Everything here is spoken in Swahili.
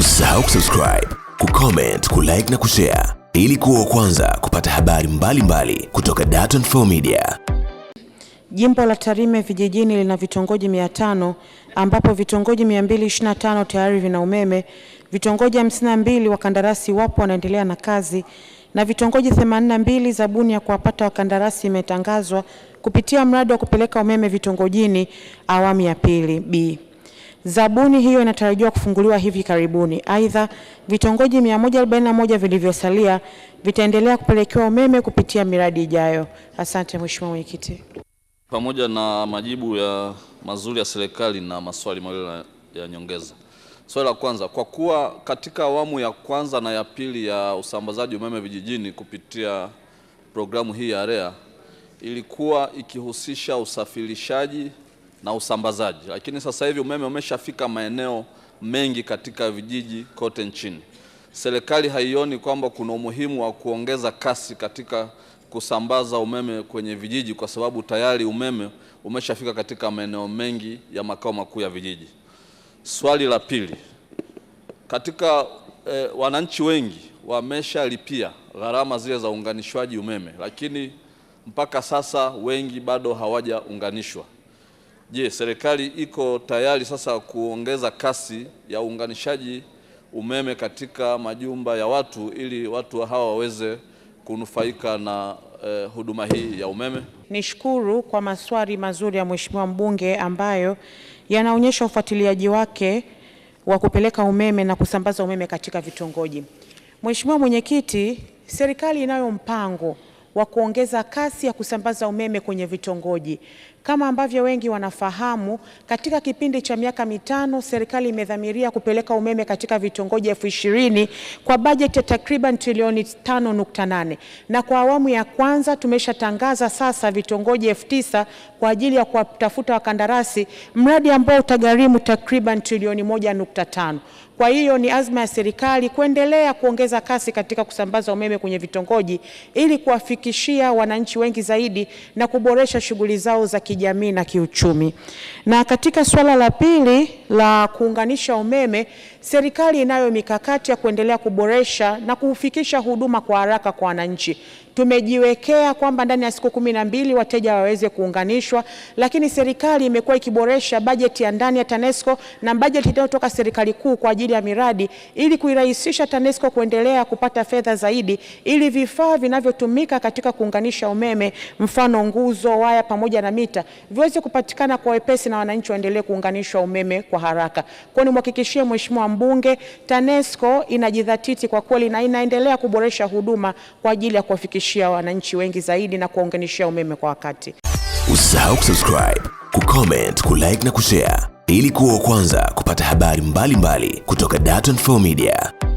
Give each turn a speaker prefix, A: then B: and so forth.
A: Usisahau kusubscribe, kucomment, kulike na kushare ili kuwa kwanza kupata habari mbalimbali mbali kutoka Dar24 Media.
B: Jimbo la Tarime vijijini lina vitongoji 500 ambapo vitongoji 225 tayari vina umeme, vitongoji 52 wakandarasi wapo wanaendelea na kazi na vitongoji 82 zabuni ya kuwapata wakandarasi imetangazwa kupitia mradi wa kupeleka umeme vitongojini awamu ya pili B. Zabuni hiyo inatarajiwa kufunguliwa hivi karibuni. Aidha, vitongoji 141 vilivyosalia vitaendelea kupelekewa umeme kupitia miradi ijayo. Asante Mheshimiwa Mwenyekiti.
C: Pamoja na majibu ya mazuri ya serikali na maswali mawili ya nyongeza. Swali la kwanza, kwa kuwa katika awamu ya kwanza na ya pili ya usambazaji umeme vijijini kupitia programu hii ya REA ilikuwa ikihusisha usafirishaji na usambazaji, lakini sasa hivi umeme umeshafika maeneo mengi katika vijiji kote nchini. Serikali haioni kwamba kuna umuhimu wa kuongeza kasi katika kusambaza umeme kwenye vijiji kwa sababu tayari umeme umeshafika katika maeneo mengi ya makao makuu ya vijiji. Swali la pili, katika eh, wananchi wengi wameshalipia gharama zile za uunganishwaji umeme, lakini mpaka sasa wengi bado hawajaunganishwa. Je, serikali iko tayari sasa kuongeza kasi ya uunganishaji umeme katika majumba ya watu ili watu hawa waweze kunufaika na eh, huduma hii ya umeme?
B: Nishukuru kwa maswali mazuri ya Mheshimiwa mbunge ambayo yanaonyesha ufuatiliaji wake wa kupeleka umeme na kusambaza umeme katika vitongoji. Mheshimiwa mwenyekiti, serikali inayo mpango wa kuongeza kasi ya kusambaza umeme kwenye vitongoji. Kama ambavyo wengi wanafahamu, katika kipindi cha miaka mitano serikali imedhamiria kupeleka umeme katika vitongoji elfu ishirini kwa bajeti ya takriban trilioni 5.8 na kwa awamu ya kwanza tumeshatangaza sasa vitongoji elfu tisa kwa ajili ya kuwatafuta wakandarasi, mradi ambao utagharimu takriban trilioni 1.5. Kwa hiyo ni azma ya serikali kuendelea kuongeza kasi katika kusambaza umeme kwenye vitongoji ili kuwafikia kuwafikishia wananchi wengi zaidi na kuboresha shughuli zao za kijamii na kiuchumi. Na katika suala la pili la kuunganisha umeme, serikali inayo mikakati ya kuendelea kuboresha na kufikisha huduma kwa haraka kwa wananchi. Tumejiwekea kwamba ndani ya siku kumi na mbili wateja waweze kuunganishwa, lakini serikali imekuwa ikiboresha bajeti ya ndani ya TANESCO na bajeti inayotoka serikali kuu kwa ajili ya miradi ili kuirahisisha TANESCO kuendelea kupata fedha zaidi ili vifaa vinavyotumika katika kuunganisha umeme, mfano nguzo, waya pamoja na mita, viweze kupatikana kwa wepesi na wananchi waendelee kuunganishwa umeme kwa haraka. Kwa nimhakikishie Mheshimiwa mbunge, TANESCO inajidhatiti kwa kweli na inaendelea kuboresha huduma kwa ajili ya kuwafikishia wananchi wengi zaidi na kuwaunganishia umeme kwa wakati. Usisahau kusubscribe, kucomment, kulike na kushare ili kuwa wa kwanza kupata habari mbalimbali mbali kutoka Dar24 Media.